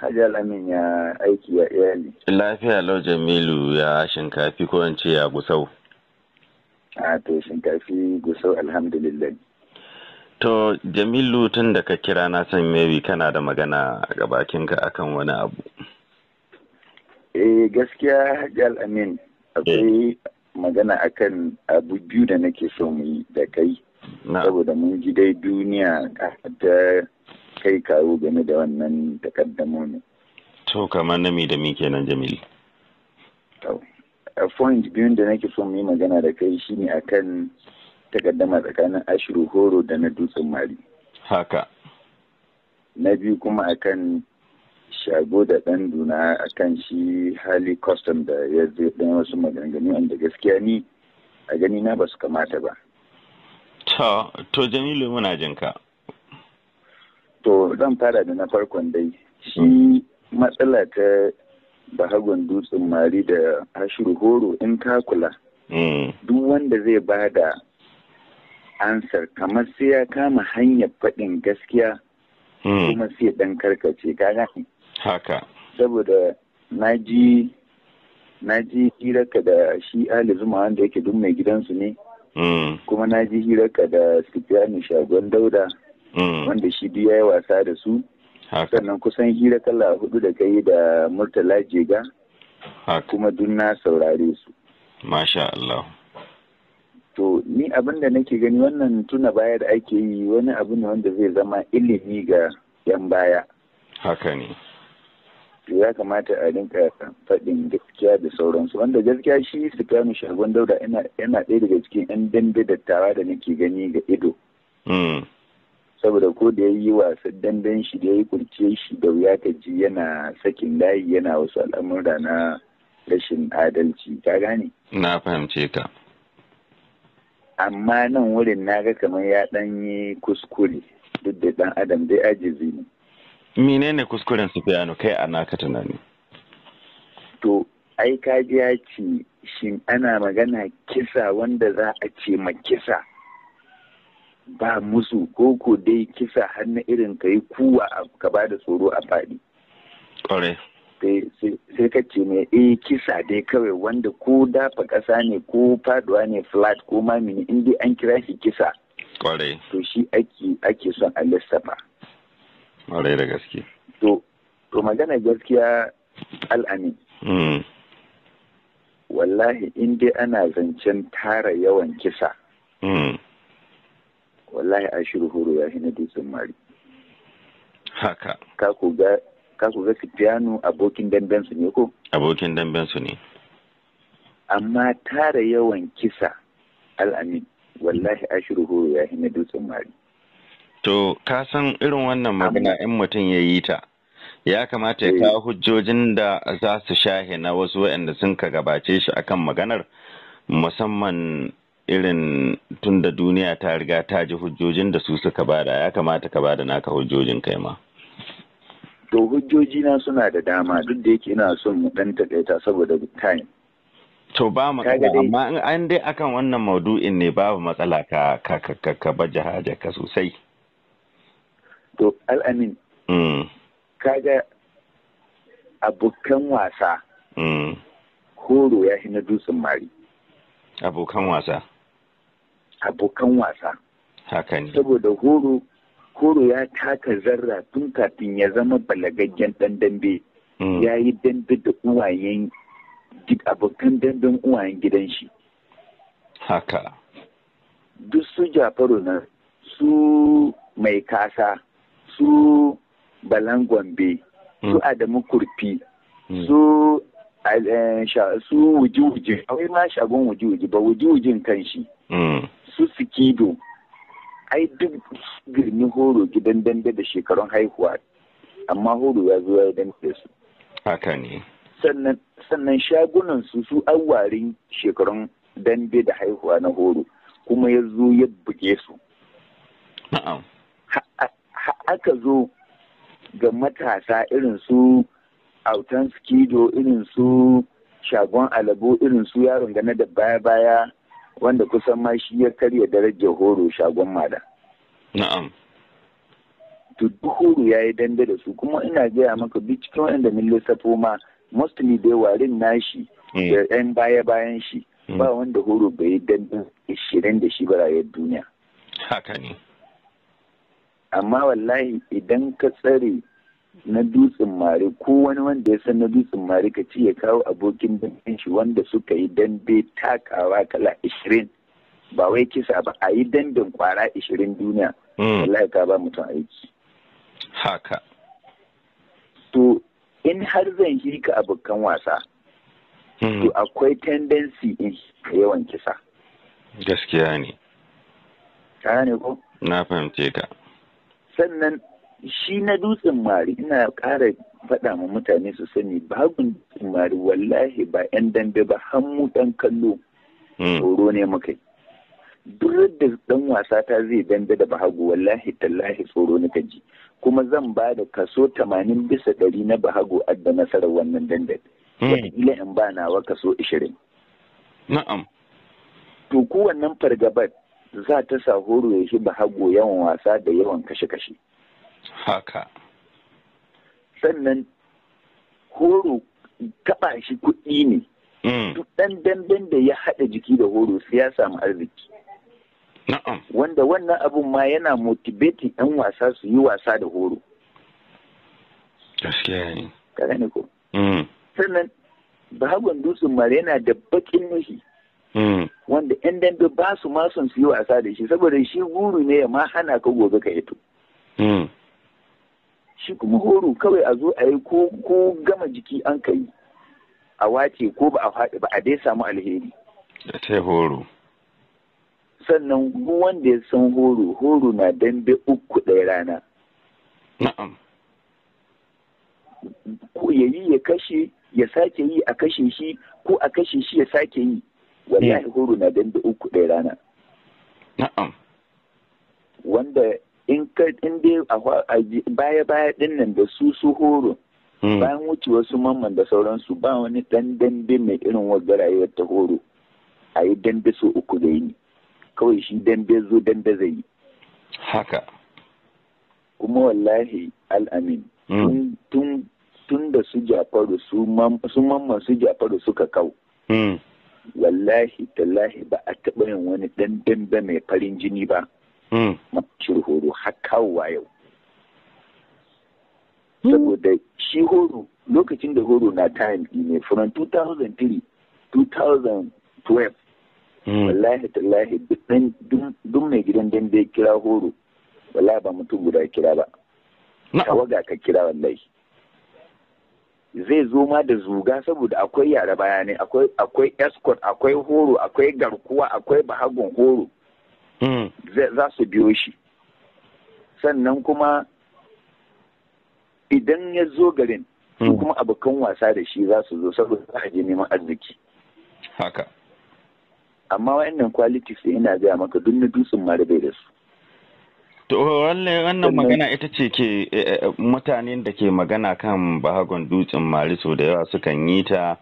Hajjal Amin ya aiki ya iyali. Lafiya Lau Jamilu ya shinkafi ko in ce ya gusau. A to shinkafi gusau alhamdulillah. To Jamilu tun da ka kira na san kana da magana ga bakinka akan wani abu. Eh gaskiya Hajjal Amin akwai eh. magana akan abu biyu da nake so mu yi da kai. Saboda mun ji dai duniya ta kai kawo game da wannan ne. to kamar nami da mi kenan jamil a point biyun da nake son yi magana da kai shi shine akan takaddama tsakanin ashiru horo da na dutsen mari haka na biyu kuma a kan shago da ɗan duna kan shi hali custom da ya zai ɗan wasu maganganu wanda gaskiya ni a gani na ba su kamata ba to to jamilu muna jinka To zan fara da na farkon dai. Shi matsala ta bahagon dutsen mari da hashiru horo in ka kula. Mm. Duk wanda zai ba da ansar kamar sai ya kama hanyar faɗin gaskiya mm. kuma sai ɗan karkace kaga. Haka. Saboda na ji na ji hirarka da shi Ali Zuma wanda yake duk mai gidansu ne. Mm. Kuma na ji hirarka da Sufiyanu Shagon Dauda. Mm. wanda shi biya yayi wasa da su sannan kusan hira kala hudu da kai da murtala jega kuma duk na saurare su masha Allah to ni abin da nake gani wannan tuna baya da ake yi wani abu ne wanda zai zama ilimi ga yan baya haka ne ya kamata a rinka faɗin gaskiya da sauransu wanda gaskiya shi su kanu shagon daura yana ɗaya daga cikin 'yan dambe dattawa da nake gani ga ido mm. saboda ko da ya yi wasan dandan shi da ya yi kurce shi da wuya ka ji yana sakin layi yana wasu al'amura na rashin adalci ka gane na fahimce ka amma nan wurin na ga kamar ya dan yi kuskure duk da dan adam dai ajizi ne menene kuskuren sufiyanu kai a naka tunani to ai kaji ya ce shin ana magana kisa wanda za a ce ma kisa ba musu koko dai kisa har na irin ka yi kuwa ka ba da tsoro a faɗi. sai ka ce mai eh kisa dai kawai wanda ko dafa ƙasa ne ko faduwa ne flat ko mamini in an kira shi kisa. To shi ake son a lissafa. Ƙwarai da gaske. To magana gaskiya al'amin. Hmm. Wallahi in dai ana zancen tara yawan kisa. Hmm. wallahi a shiru horo ya shi na dutsen mari haka ka ku ga Sufiyanu abokin damben su ne ko abokin damben su ne amma tara yawan kisa al'amin wallahi a shiru horo ya shi na dutsen mari to ka san irin wannan magana in mutum ya yi ta ya kamata ya eh. kawo hujjojin da za su shahe na wasu waɗanda sun ka gabace shi akan maganar musamman irin tun da duniya ta riga ta ji hujjojin da su suka bada ya kamata ka bada naka hujjojin kai ma. To hujjojina suna da dama duk da yake ina son mu dan takaita saboda time. To ba mu amma in an dai akan wannan maudu'in ne babu matsala ka ka ka ka baje ka sosai. To al'amin. Mm. Kaga abokan wasa. Koro mm. ya hina dutsen mari. Abokan wasa. abokan wasa saboda horo horo ya taka zarra tun kafin ya zama balagaggen dan dambe mm. ya yi dambe da uwayen abokan damben uwayen gidan shi haka duk su jafaru nan su mai kasa su balan gombe su mm. adamu kurfi mm. su eh, su wuji-wuji, wai ma shagon wuji-wuji ba wuji-wujin kan shi. su sikido ai duk girmi horo gidan dande da shekarun haihuwa amma horo ya zo ya dande su haka ne sannan shagunan su su awarin shekarun dambe da haihuwa na horo kuma ya zo ya buge su aka zo ga matasa irin su autan skido irin su shagon alabo irin su yaron gane da baya-baya wanda kusan ma shi ya karya darajar horo shagon mada. Na'am. To duk horo ya yi dambe da su kuma ina gaya maka bi cikin wanda min lissafo ma mostly dai warin nashi mm. da yan baya bayan shi mm. ba wanda horo bai yi dambe ishirin da shi barayar duniya. Haka ne. Amma wallahi idan ka tsare na dutsen mare ko wani wanda ya san na dutsen mare ka ci ya kawo abokin dangin shi wanda suka yi dambe takawa kala ashirin ba wai kisa ba a yi dambin kwara ashirin duniya hmm. wallahi ka ba mutum aiki haka to in har zan yi ka abokan wasa hmm. to akwai tendency in yawan kisa gaskiya ne ka ne ko na fahimce ka sannan shi na dutsen mari ina ƙara faɗa ma mutane su sani babu dutsen mari wallahi ba 'yan dambe ba hannu ɗan kallo hmm. tsoro ne muka yi duk da ɗan wasa ta zai dambe da bahago wallahi tallahi tsoro na ji kuma zan ba da kaso tamanin bisa ɗari na bahago adda nasarar wannan dambe hmm. wataƙila in ba nawa kaso ishirin. na'am to kowannen fargabar za ta sa horo ya shi bahago yawan wasa da yawan kashe-kashe haka sannan horo taɓa shi kuɗi ne mm. duk ɗan damben da ya haɗa jiki da horo sai ya samu arziki wanda wannan abun ma yana motivating ɗan wasa su yi wasa da horo gaskiya ne ka ko mm. sannan dutsen mara yana da baƙin nufi mm. wanda 'yan dambe ba su mason su yi wasa da shi saboda shi guru ne ya ma hana ka gobe ka hito shi kuma horo kawai a zo a yi ko gama jiki an kai a wace ko ba a faɗi ba a dai samu alheri da ta horo sannan wanda ya san horo horo na dambe uku ɗaya rana na'am ko ya yi ya kashe ya sake yi a kashe shi ko a kashe shi ya sake yi wallahi hmm. horo na dambe uku ɗaya rana na'am wanda in ka in dai baya baya din nan da su su horo hmm. bayan wuce wasu mamman da sauransu ba wani dan dambe mai irin wadda rayuwar ta horo a yi dambe so uku da yi kawai shi dambe zo dambe zai yi haka kuma wallahi al'amin hmm. tun da su jafaru su mamman su jafaru suka kau hmm. wallahi tallahi ba a taɓa yin wani ɗan dambe mai farin jini ba Mm. horo har kawowa yau mm. saboda shi horo lokacin da horo na time ne from 2003 2012 mm. wallahi tallahi duk mai gidan dambe kira horo wallahi ba mutum guda kira ba ga ka kira wallahi zai zo ma da zuga saboda akwai yara bayanai akwai escort akwai horo akwai garkuwa akwai bahagon horo Hmm. za su biyo shi sannan kuma idan ya zo garin su hmm. kuma abokan wasa da shi za su zo saboda za a je neman arziki haka amma wa'annan qualities da ina gaya maka duk na dutsen mara bai da su To wannan magana ita ce ke eh, eh, mutanen da ke magana kan bahagon dutsen Mariso da yawa sukan yi ta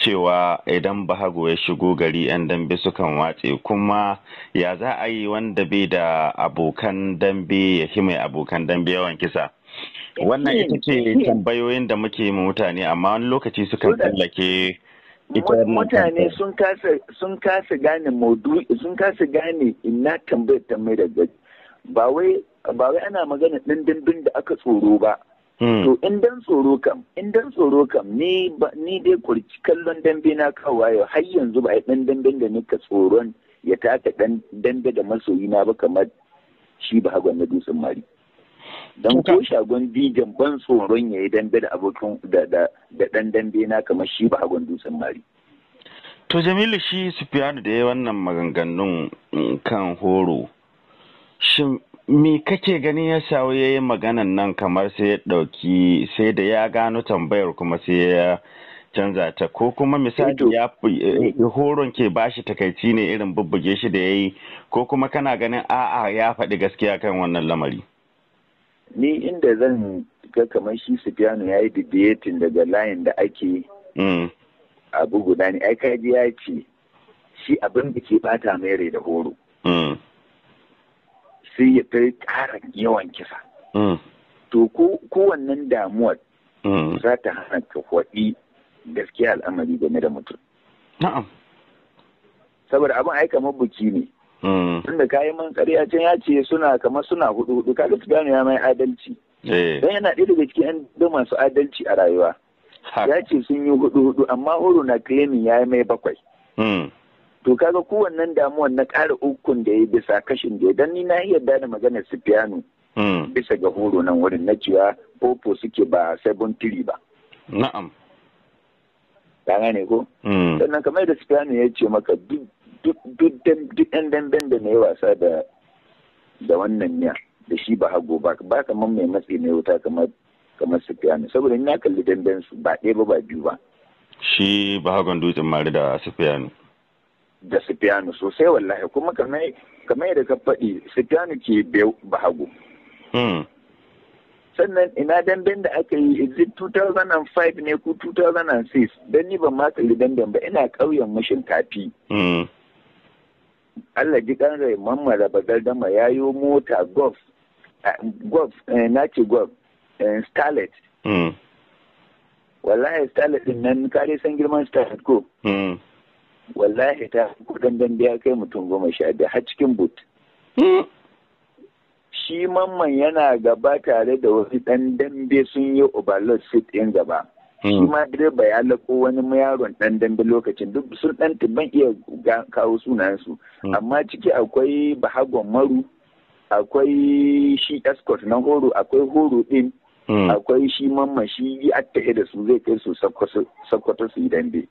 cewa idan bahago ya shigo gari 'yan dambe sukan watse kuma ya za a yi wanda bai da abokan dambe ya fi mai abokan dambe yawan kisa wannan ita ce tambayoyin da muke yi mutane amma wani lokaci sukan tsallake ita mutane sun kasa gane sun kasa gane ina tambayar tambayar da ba wai ba wai ana magana ɗin dimbin da aka tsoro ba Hmm. To in dan tsoro kam, in dan tsoro kam ni ni dai kurci kallon dambe na yau har yanzu ba a dan dambe da nika tsoron ya taka dan dambe da masoyi na ba kamar shi ba hagon na dusun mari. Don ko shagon bijan ban tsoron ya yi dambe da abokin da dan dambe na kamar shi ba hagon dusun mari. To Jamilu shi Sufiyanu da ya wannan maganganun mm, kan horo. Shin me kake ganin ya shawo ya yi maganan nan kamar sai ya ɗauki sai da ya gano tambayar kuma sai ya canza ta ko kuma misali ya eh, horon ke bashi takaici ne irin bubbuge shi da ya yi ko kuma kana ganin a'a ya faɗi gaskiya kan wannan lamari ni inda zan ga kamar shi Sufyanu ya yi debating daga layin da ake mm. abu guda ne ai kaji ya ce shi abin da ke bata mai da horo sai ya fi ƙara yawan kisa mm. to kowannen damuwar mm. za ta hana ka kwaɗi gaskiya al'amari game da mutum saboda abin aika mabuki ne. ne mm. tunda kayan man ƙarya can ya ce suna kamar suna hudu hudu kaga gano ya mai adalci eh. don yana ɗaya daga cikin yan masu adalci a rayuwa ya ce sun yi hudu hudu amma horo na claiming ya yi mai bakwai to kaga kowannen damuwan na ƙara ukun da ya bisa kashin da dan ni na yarda da maganar Sufiyanu hmm. bisa ga horo nan wurin na cewa popo suke ba sabon tiri ba na'am ka gane ko hmm. sannan kamar da Sufiyanu ya ce maka duk duk ɗan damben da na yi wasa da da wannan miya da shi ba hago ba ba kamar mai matsi na wuta kamar kamar Sufiyanu saboda ina kalli damben su ba ɗaya ba ba biyu ba shi ba hagon dutsen mari da Sufiyanu da Sufiyanu sosai wallahi kuma kamar yadda ka faɗi Sufiyanu ke biyu hagu. Hmm. Sannan ina damben da aka yi is it 2005 ne ko 2006 don ni ban ma kalli damben ba ina ƙauyen mashin kafi. Hmm. Allah ji ɗan rai mamma da bagardama ya yi mota golf eh, golf eh, na ce golf eh, scarlet. Hmm. Wallahi scarlet din nan kare san girman scarlet ko. wallahi ta kudin dambe ya kai mutum goma sha biyu har cikin but hmm. shi mamman yana gaba tare da wasu dan dambe sun yi overload seat ɗin gaba shi hmm. ma direba ya lako wani yaron ɗan dambe lokacin duk sun dan ban iya kawo sunansu hmm. amma ciki akwai bahagon maru akwai shi escort na horo akwai horo ɗin. akwai shi mamman shi ya da su zai kai su sakwato su idan dai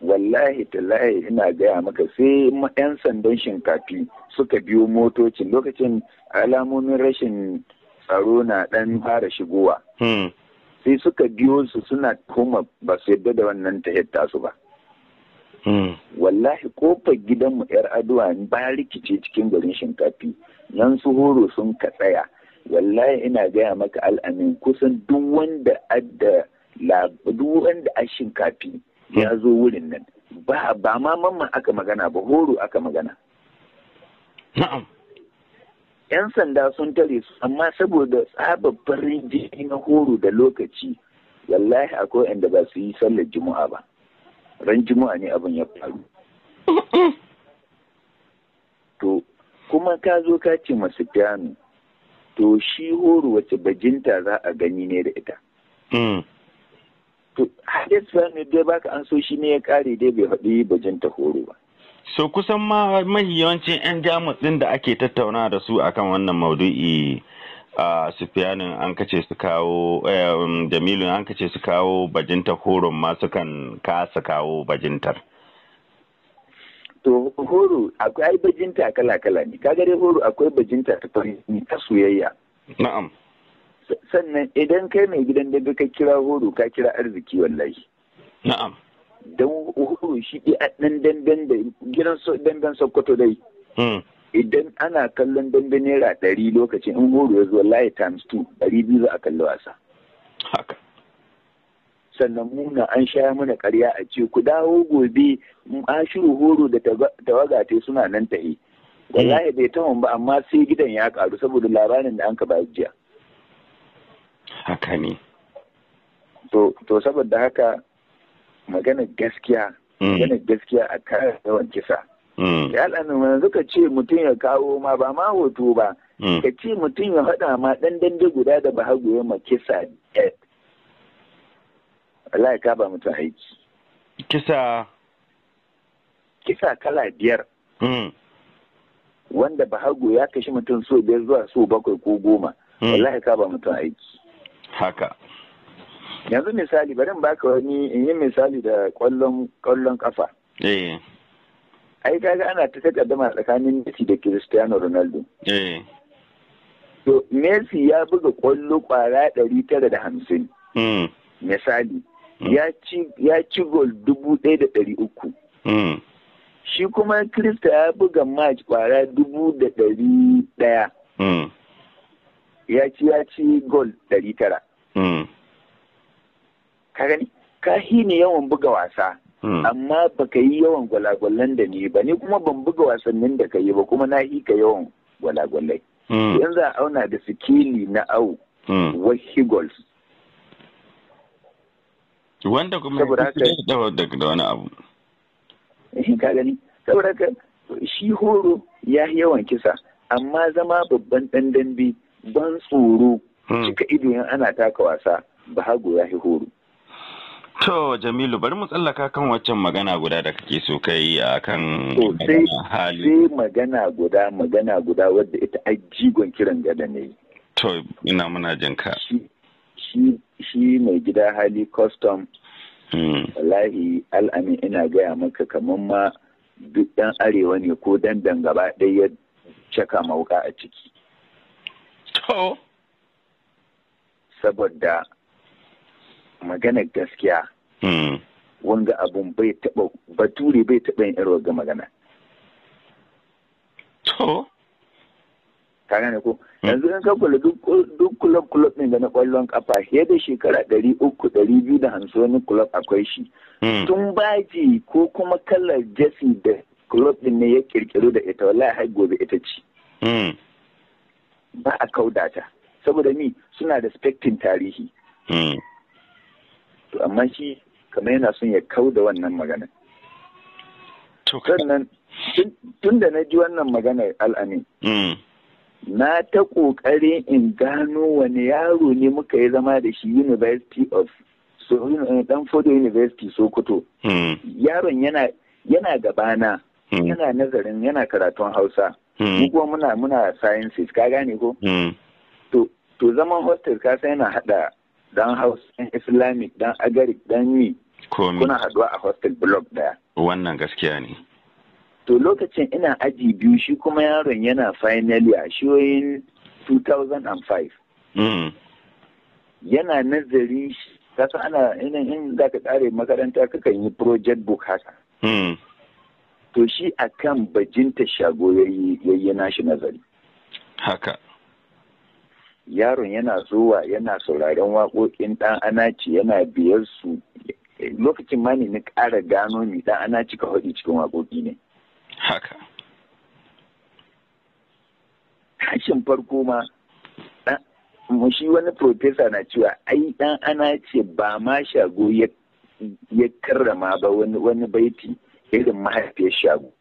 wallahi tallahi ina gaya maka sai 'yan sandan shinkafi suka biyo motocin lokacin alamomin rashin tsaro na dan fara shigowa hmm. sai suka biyo su suna koma ba su yadda da wannan ta yadda su ba hmm. wallahi kofar gidanmu yar aduwa ba rikice cikin garin shinkafi nan su horo sun ka tsaya wallahi ina gaya maka al'amin kusan duk duk wanda a shinkafi ya zo wurin nan ba ba ma mamman aka magana ba horo aka magana na'am yan sanda sun tare su amma saboda tsaba farin na horo da lokaci wallahi akwai inda ba su yi sallar juma'a ba ran juma'a ne abin ya faru to kuma ka zo ka ce masu piano to shi horo wace bajinta za a gani ne da ita hmm. to hadis ne dai baka an so shi ne ya kare dai bai faɗi bajinta horo ba so kusan ma mahi yawancin 'yan jamus ɗin da ake tattauna da su akan wannan maudu'i a sufiyanin an kace su kawo jamilun an kace su kawo bajinta horon ma sukan kasa kawo bajintar to horo akwai bajinta kala-kala ne kaga dai horo akwai bajinta ta soyayya na'am sannan idan kai mai gidan da ka kira horo ka kira arziki wallahi na'am don horo shi a ɗan dandan da gidan dandan sokoto dai hmm. idan ana kallon dambe naira ɗari lokacin in horo ya zo wallahi times two ɗari biyu za a kalli wasa haka sannan muna an sha mana karya a ce ku dawo gobe ashiru horo da tawaga te suna nan ta yi. Hmm. wallahi bai tawon ba amma sai gidan ya karu saboda labarin da an ka ba jiya haka ne to saboda haka magana gaskiya mm. magana gaskiya a kare yawan kisa mm. ya al'anin yanzu ka ce mutum ya kawo ma ba ma hoto ba mm. ka ce mutum ya haɗa ma ɗan dande guda da ba hagu ya ma kisa Allah ka ba mutum aiki kisa kisa kala biyar wanda ba hagu ya kashi mutum so biyar zuwa so bakwai ko goma Allah ka ba mutum aiki haka yanzu misali bari in baka wani in yi misali da kwallon kwallon kafa eh ai kaga ana ta takaddama tsakanin Messi da Cristiano Ronaldo eh to Messi ya buga kwallo kwara 950 Hmm. misali hmm. ya ci ya ci gol 1300 hmm. shi kuma Krista ya buga match kwara 1100 ya ci ya ci gol ɗari tara. Hmm. Ka gani? Ka ne yawan buga wasa. Hmm. Amma baka yi yawan gwalagwalan da ni ba ni kuma ban buga wasannin da ka yi ba kuma na yi ka yawan gwalagwalai. Hmm. Yanzu a auna da sikili na au wahi goals. Wanda kuma ya da wani abu. Eh, ka gani? Saboda shi horo ya yawan kisa amma zama babban ɗan dambe ban tsoro hmm. cika ido in ana taka wasa ba hago ya hi horo To Jamilu bari mu tsallaka kan waccan magana guda da kake so kai a kan hali. Sai magana guda magana guda wadda ita ajigon kiran gada ne. To ina muna jin ka. Shi mai gida hali custom. Hmm. Wallahi al'amin ina gaya maka kamar ma duk ɗan arewa ne ko dandan gaba ɗaya caka mauka a ciki. saboda magana gaskiya hmm. wanga abun bai taɓa bature bai taɓa yin irwa ga magana to ka gane ko hmm. yanzu in ka duk kulab kulab ne da na ƙwallon ƙafa fiye da shekara ɗari uku ɗari biyu da hamsin wani kulab akwai shi hmm. tun baji ko kuma kalar Jesse da kulab din ne ya ƙirƙiro da ita wallahi har gobe ita ce ba a kaudata, saboda ni suna da spectin tarihi hmm. to amma shi kamar yana son ya kauda wannan magana sannan tun da na ji wannan maganar al'amin hmm. na ta ƙoƙarin in gano wani yaro ne muka yi zama da shi university of danfodo university sokoto hmm. yaron yana gabana yana nazarin yana karatun hausa mu hmm. kuma muna muna sciences ka gane ko hmm. to zaman hostel ka sai yana hada dan house dan islamic dan agaric dan mi kuna haduwa a hostel block daya wannan gaskiya ne to lokacin ina aji biyu shi kuma yaron yana finally a shiyoyin 2005 yana nazari kasa ana in za ka tsare makaranta kakan yi project book haka hmm. to shi akan bajinta shago yayi nashi nazari haka yaron yana zuwa yana sauraren waƙoƙin ɗan anaci yana biyar su lokacin ma ne na ƙara gano ni ɗan anaci ka haɗi cikin waƙoƙi ne haka kashin farko ma mu shi wani profesa na cewa ai ɗan ce ba ma shago ya karrama ba wani baiti Ele mais Thiago.